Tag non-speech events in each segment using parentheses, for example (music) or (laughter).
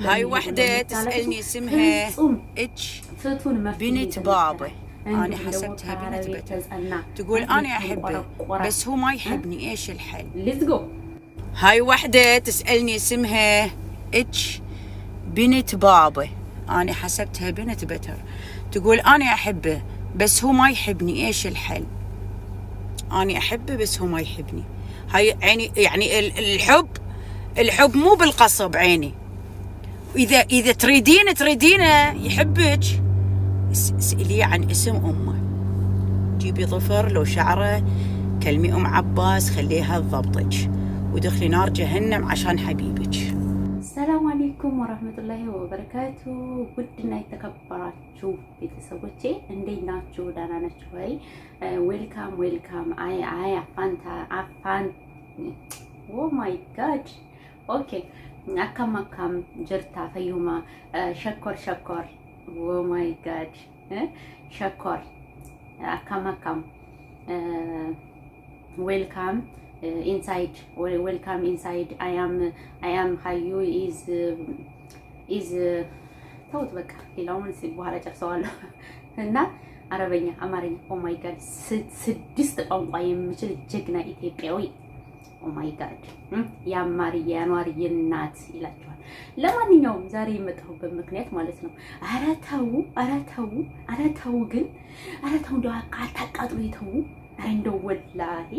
هاي وحده تسالني اسمها اتش بنت بابا انا حسبتها بنت بيته تقول انا احبه بس هو ما يحبني ايش الحل هاي وحده تسالني اسمها اتش بنت بابا انا حسبتها بنت بتر تقول انا احبه بس هو ما يحبني ايش الحل انا احبه بس هو ما يحبني هاي عيني يعني الحب الحب مو بالقصب عيني واذا اذا تريدين تريدينه يحبك اساليه عن اسم امه جيبي ظفر لو شعره كلمي ام عباس خليها تضبطك ودخلي نار جهنم عشان حبيبك السلام عليكم ورحمة الله وبركاته ውድና የተከበራችሁ ቤተሰቦቼ እንዴት ናችሁ? ደህና ናችሁ شوي ويلكم ويلكم اي اي አፋንታ አፋን ኦ ماي جاد اوكي አካም አካም jirta ፈዩማ ሸኮር ሸኮር ኦ my god shakkor akkam akkam ዌልካም ኢንሳይድ ዌልካም ኢንሳይድ አይ አም አይ ኢዝ ኢዝ ተውት በቃ ሌላውን ሲል በኋላ ጨርሰዋለሁ (laughs) እና አረበኛ፣ አማርኛ ኦ ማይ ጋድ ስድስት ቋንቋ የምችል ጀግና ኢትዮጵያዊ ኦማይ ጋድ የአማርዬ የአኗርዬ እናት ይላቸዋል። ለማንኛውም ዛሬ የመጣሁበት ምክንያት ማለት ነው። ኧረ ተው፣ ኧረ ተው፣ ኧረ ተው ግን ኧረ ተው እንደው አታቃጥሉ የተው። ኧረ እንደው ወላሂ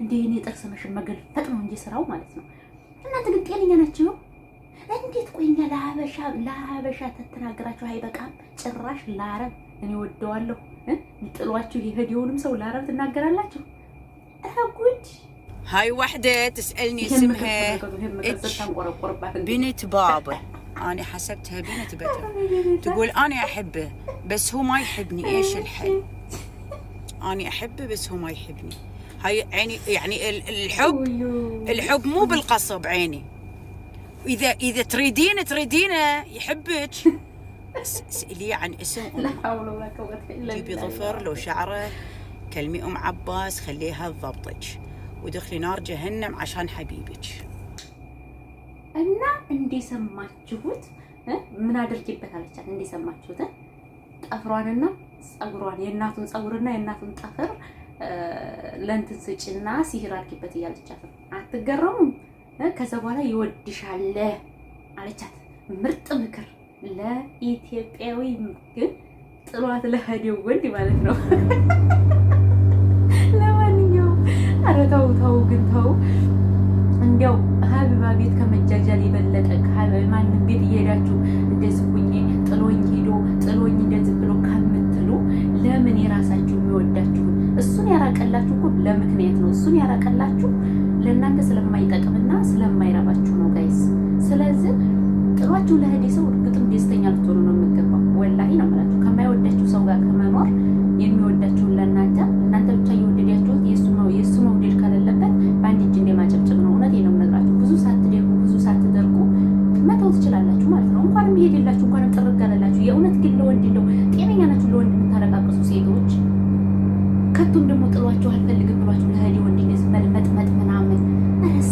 እንደ እኔ ጥርስ መሽን መገልፈጥ ነው እንጂ ስራው ማለት ነው። እናንተ ግን ጤነኛ ናችሁ ነው እንዴት? ቆይ እኛ ለሀበሻ ለሀበሻ ተተናገራችሁ አይበቃም? ጭራሽ ለአረብ እኔ ወደዋለሁ ጥሏችሁ የሄደውንም ሰው ለአረብ ትናገራላችሁ? ጉድ هاي وحدة تسألني اسمها بنت بابا أنا حسبتها (laughs) بنت بابا تقول أنا أحبه بس هو ما يحبني إيش الحل أنا أحبه بس هو ما يحبني هاي عيني يعني الحب الحب مو بالقصب عيني إذا إذا تريدين تريدينه يحبك اسألي (laughs) عن اسم لا حول ولا قوة إلا بالله جيبي ظفر لو شعره كلمي أم عباس خليها تضبطك ودخلي نار جهنم عشان ሐቢብች እና እንደሰማችሁት ምን አድርጊበት አለቻት። እንደሰማችሁት ጠፍሯንና ጸጉሯን የእናቱን ጸጉርና የእናቱን ጠፍር ለእንትን ስጭና ሲህር አድርጊበት እያለቻት አትገረሙም? ከዛ በኋላ ይወድሻል አለቻት። ምርጥ ምክር ለኢትዮጵያዊ ግን ጥሏት ለሄደው ወንድ ማለት ነው። (laughs) ኧረ ተው ተው ግን ተው እንዲያው ሀቢባ ቤት ከመጃጃል የበለጠ ማንም ቤት እየሄዳችሁ እንደዚህ ሁኜ ጥሎኝ ሄዶ ጥሎኝ እንደዚህ ብሎ ከምትሉ ለምን የራሳችሁ የሚወዳችሁ እሱን ያራቀላችሁ እኮ ለምክንያት ነው። እሱን ያራቀላችሁ ለእናንተ ስለማይጠቅምና ስለማይረባችሁ ነው ጋይስ። ስለዚህ ጥሏችሁ ለህዴ ሰው እርግጥም ደስተኛ ልትሆኑ ነው እውነት ግን ለወንድ እንደው ጤነኛ ናችሁ? ለወንድ የምታለቃቅሱ ሴቶች ከቱም ደግሞ ጥሏቸው አልፈልግም ብሏቸው ለህዲ ወንድ እንደዚህ መልመጥመጥ ምናምን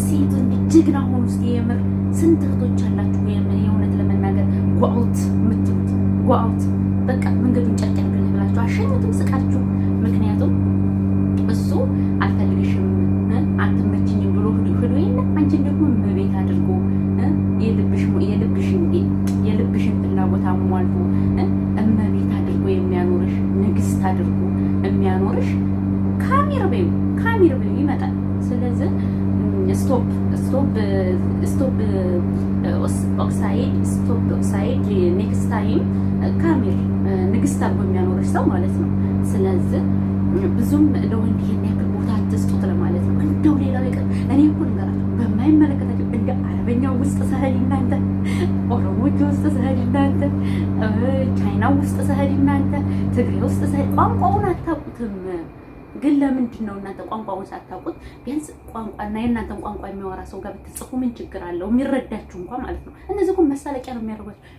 ሴት ወንድ ጀግና ሆኑ። ስ የምር ስንት እህቶች አላችሁ የእውነት ለመናገር ጓውት የምትሉት ጓውት በቃ መንገዱን ጨርቅ ብላችሁ አሸኙትም ስቃችሁ ምክንያቱም አድርጎ የሚያኖርሽ ካሚር በዩ ካሚር በዩ ይመጣል። ስለዚህ ስቶፕ ስቶፕ ስቶፕ ኦክሳይድ ስቶፕ ኦክሳይድ ኔክስት ታይም ካሚር ንግስት አድርጎ የሚያኖርሽ ሰው ማለት ነው። ስለዚህ ብዙም ለወንድ ይሄን ያክል ቦታ አትስጡት ለማለት ነው። እንደው ሌላው ይቀር እኔ እኮ ንገራቸው በማይመለከታቸው እንደ አረበኛው ውስጥ ሰህል እናንተ፣ ኦሮሞች ውስጥ ሰህል እናንተ፣ ቻይና ውስጥ ሰህል እናንተ፣ ትግሬ ውስጥ ሰህል ቋንቋውን አታውቁትም። ግን ለምንድን ነው እናንተ ቋንቋውን ሳታውቁት? ቢያንስ ቋንቋና የእናንተን ቋንቋ የሚያወራ ሰው ጋር ብትጽፉ ምን ችግር አለው? የሚረዳችሁ እንኳ ማለት ነው። እነዚህ እኮ መሳለቂያ ነው የሚያደርጓችሁ።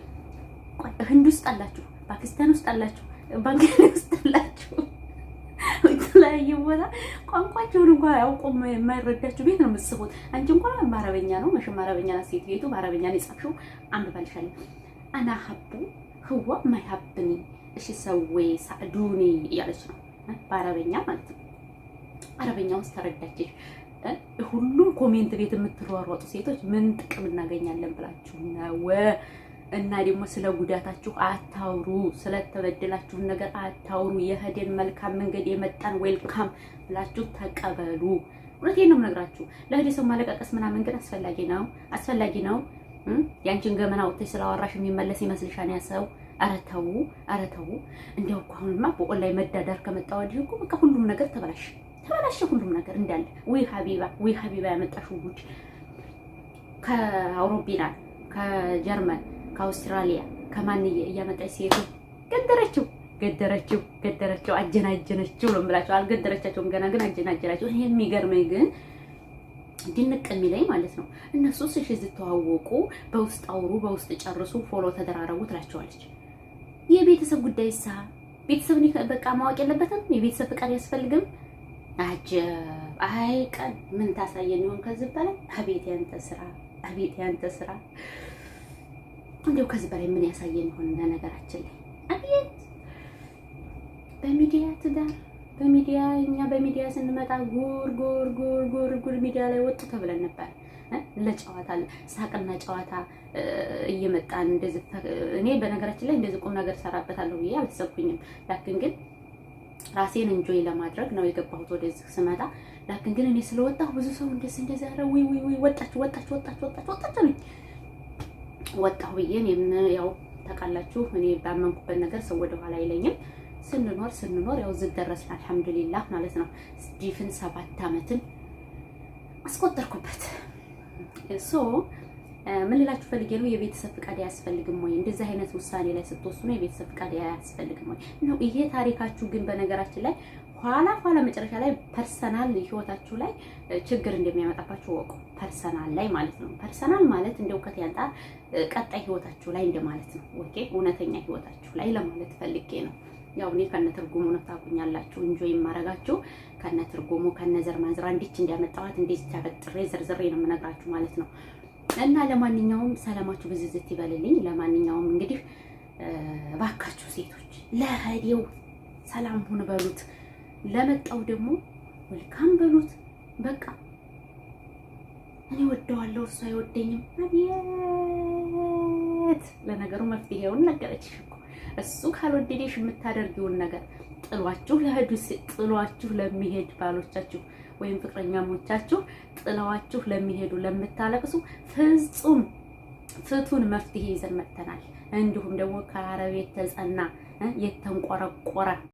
ህንድ ውስጥ አላችሁ፣ ፓኪስታን ውስጥ አላችሁ፣ ባንጋሊ ውስጥ አላችሁ በተለያየ ቦታ ቋንቋቸውን እንኳ ያውቁም የማይረዳቸው ቤት ነው የምትስቡት። አንቺ እንኳ በአረበኛ ነው መሽ አረበኛ ና ሴት ቤቱ በአረበኛ ነው የጻፍሽው። አንብባልሻለሁ። አና ሀቡ ህዋ ማይሀብኒ እሺ ሰዌ ሳዕዱኒ እያለች ነው በአረበኛ ማለት ነው። አረበኛ ውስጥ ተረዳችሽ። ሁሉም ኮሜንት ቤት የምትሯሯጡ ሴቶች ምን ጥቅም እናገኛለን ብላችሁ ነው እና ደግሞ ስለ ጉዳታችሁ አታውሩ፣ ስለተበደላችሁን ነገር አታውሩ። የህደን መልካም መንገድ የመጣን ዌልካም ብላችሁ ተቀበሉ። እውነቴን ነው የምነግራችሁ። ለህደ ሰው ማለቃቀስ ምናምን ግን አስፈላጊ ነው አስፈላጊ ነው። ያንቺን ገመና ወጥተሽ ስላወራሽ የሚመለስ ይመስልሻል ያ ሰው? ኧረ ተው፣ ኧረ ተው። እንዲያው እኮ አሁንማ በኦንላይን መዳዳር ከመጣ ወዲህ እኮ በቃ ሁሉም ነገር ተበላሽ ተበላሽ፣ ሁሉም ነገር እንዳለ። ወይ ሀቢባ፣ ወይ ሀቢባ ያመጣሽው ጉድ ከአውሮቢናል ከጀርመን ከአውስትራሊያ ከማን እያመጣች ሲሄዱ ገደረችው ገደረችው ገደረችው አጀናጀነችው ነው ብላቸው አልገደረቻቸውም ገና ግን አጀናጀናቸው። ይሄ የሚገርመኝ ግን ድንቅ የሚለኝ ማለት ነው እነሱ ስሽ ስተዋወቁ በውስጥ አውሩ፣ በውስጥ ጨርሱ፣ ፎሎ ተደራረቡ ትላቸዋለች። የቤተሰብ ጉዳይ ሳ ቤተሰብን በቃ ማወቅ የለበትም የቤተሰብ ፍቃድ ያስፈልግም። አጀብ አይ ቀን ምን ታሳየን ይሆን ከዚህ በላይ አቤት ያንተ ስራ አቤት ያንተ ስራ እንዲያው ከዚህ በላይ ምን ያሳየን ይሆን? ለነገራችን ላይ አቤት በሚዲያ ትዳር በሚዲያ እኛ በሚዲያ ስንመጣ ጉር ጉር ጉር ጉር ጉር ሚዲያ ላይ ወጡ ተብለን ነበር። ለጨዋታ ሳቅና ጨዋታ እየመጣን እንደዚህ እኔ በነገራችን ላይ እንደዚህ ቁም ነገር ሰራበታለሁ ብዬ አልተሰብኩኝም። ላክን ግን ራሴን እንጆይ ለማድረግ ነው የገባሁት ወደዚህ ስመጣ። ላክን ግን እኔ ስለወጣሁ ብዙ ሰው እንደዚህ እንደዚህ ወይ ወይ ውይ ወጣች ወጣች ወጣች ወጣች ወጣች ነኝ ወጣሁ ብዬ ያው ታውቃላችሁ እኔ ባመንኩበት ነገር ሰው ወደኋላ አይለኝም። ስንኖር ስንኖር ያው እዚህ ደረስን አልሐምዱሊላህ ማለት ነው። ዲፍን ሰባት አመትን አስቆጠርኩበት። ሶ ምን ልላችሁ ፈልጌ ነው የቤተሰብ ፍቃድ አያስፈልግም ወይ? እንደዚህ አይነት ውሳኔ ላይ ስትወስኑ የቤተሰብ ፍቃድ አያስፈልግም ወይ ነው ይሄ ታሪካችሁ። ግን በነገራችን ላይ ኋላ ኋላ መጨረሻ ላይ ፐርሰናል ህይወታችሁ ላይ ችግር እንደሚያመጣባችሁ ወቁ። ፐርሰናል ላይ ማለት ነው። ፐርሰናል ማለት እንደ እንደው ያንጣ ቀጣይ ህይወታችሁ ላይ እንደማለት ነው። ኦኬ፣ እውነተኛ ህይወታችሁ ላይ ለማለት ፈልጌ ነው። ያው እኔ ከነ ትርጉሙ ነው ታቁኛላችሁ። እንጆ የማረጋችሁ ከነ ትርጉሙ ከነ ዘር ማንዝራ እንዲች እንዲያመጣዋት እንዴት ተፈጥሬ ዝርዝሬ ነው የምነግራችሁ ማለት ነው። እና ለማንኛውም ሰላማችሁ ብዝዝት ይበልልኝ። ለማንኛውም እንግዲህ እባካችሁ ሴቶች ለህዴው ሰላም ሁን በሉት። ለመጣው ደግሞ ወልካም በሉት። በቃ እኔ ወደዋለሁ እሱ አይወደኝም። አቤት ለነገሩ መፍትሄውን ነገረችሽ እኮ እሱ ካልወደደሽ የምታደርጊውን ነገር ጥሏችሁ ለሄዱ ጥሏችሁ ለሚሄድ ባሎቻችሁ ወይም ፍቅረኛሞቻችሁ ጥለዋችሁ ለሚሄዱ ለምታለቅሱ ፍጹም ፍቱን መፍትሄ ይዘን መጥተናል። እንዲሁም ደግሞ ከአረብ የተጸና የተንቆረቆረ